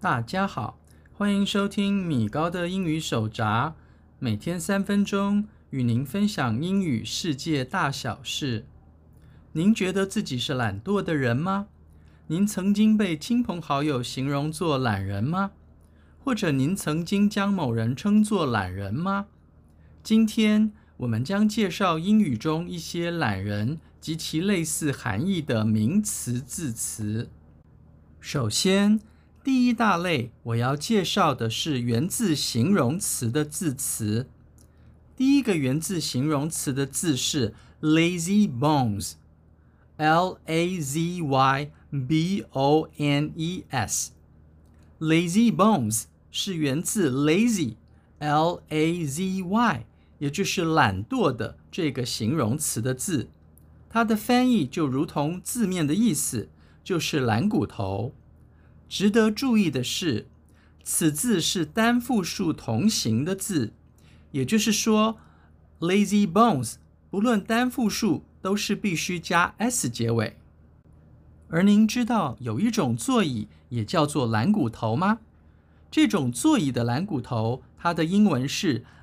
大家好，歡迎收聽米高的英語手札，每天三分鐘與您分享英語世界大小事。您覺得自己是懶惰的人嗎？您曾經被親朋好友形容做懶人嗎？或者您曾經將某人稱作懶人嗎？今天，我們將介紹英語中一些懶人及其類似含義的名詞字詞。首先，第一大類我要介紹的是源自形容詞的字詞。第一個源自形容詞的字是 lazy bones，L A Z Y B O N E S。lazy bones 是源自 lazy，L A Z Y。也就是“懶惰”的這個形容詞的字，它的翻譯就如同字面的意思，就是“懶骨頭”。值得注意的是，此字是單複數同形的字，也就是說，“lazy bones” 不論單複數都是必須加 “s” 結尾。而您知道有一種座椅也叫做“懶骨頭”嗎？這種座椅的“懶骨頭”，它的英文是？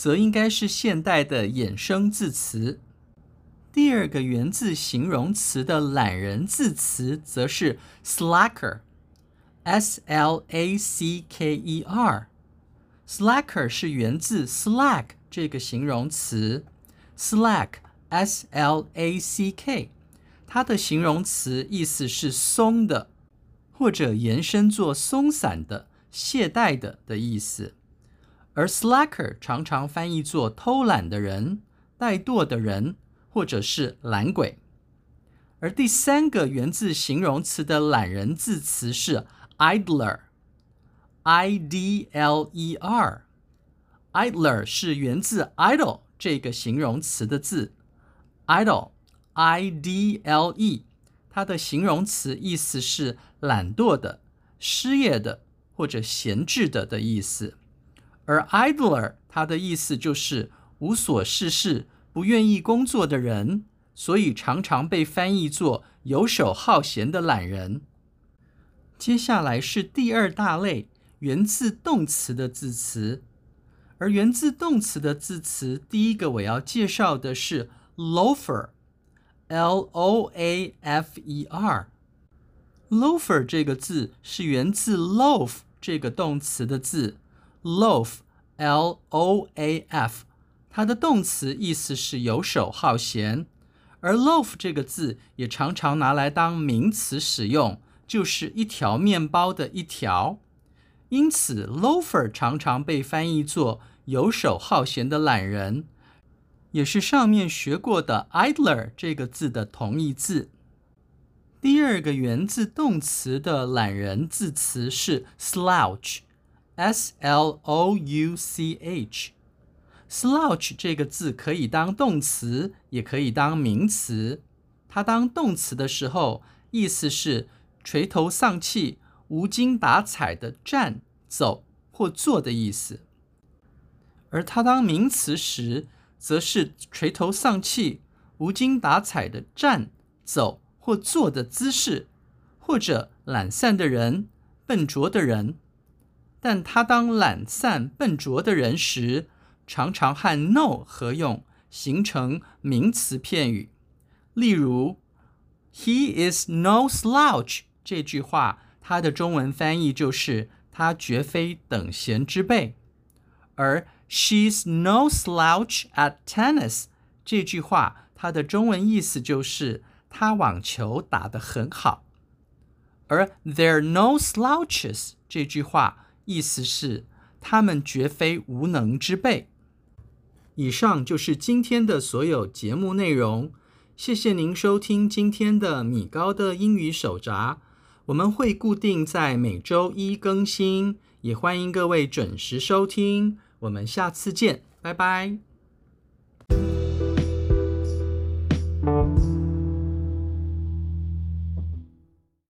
則應該是現代的衍生字詞。第二個源自形容詞的懶人字詞，則是 slacker，S-L-A-C-K-E-R。E、slacker 是源自 slack 這個形容詞，slack，S-L-A-C-K，它的形容詞意思是鬆的，或者延伸做鬆散的、懈怠的的意思。而 slacker 常常翻譯作偷懶的人，的人、怠惰的人，或者是懶鬼。而第三個源自形容詞的懶人字詞是 idler，i-d-l-e-r。E、idler 是源自 idle 這個形容詞的字，idle，i-d-l-e，、e，它的形容詞意思是懶惰的、失業的或者閒置的的意思。而 idler，它的意思就是無所事事、不願意工作的人，所以常常被翻譯作游手好閒的懶人。接下來是第二大類，源自動詞的字詞。而源自動詞的字詞，第一個我要介紹的是 loafer，L-O-A-F-E-R。E、loafer 這個字是源自 loaf 這個動詞的字。Loaf, L-O-A-F，它的動詞意思是遊手好閒，而 loaf 這個字也常常拿來當名詞使用，就是一條麵包的一條。因此，loafer 常常被翻譯作遊手好閒的懶人，也是上面學過的 idler 這個字的同義字。第二個源自動詞的懶人字詞是 slouch。S, S L O U C H，slouch 這個字可以當動詞，也可以當名詞。它當動詞的時候，意思是垂頭喪氣、無精打采的站、走或坐的意思；而它當名詞時，則是垂頭喪氣、無精打采的站、走或坐的姿勢，或者懶散的人、笨拙的人。但他當懶散笨拙的人時，常常和 no 合用，形成名詞片語。例如，He is no slouch 這句話，它的中文翻譯就是他絕非等閒之輩。而 She's no slouch at tennis 這句話，它的中文意思就是他網球打得很好。而 There are no slouches 這句話。意思是，他們絕非無能之輩。以上就是今天的所有節目內容。謝謝您收聽今天的米高的英語手札。我們會固定在每週一更新，也歡迎各位準時收聽。我們下次見，拜拜。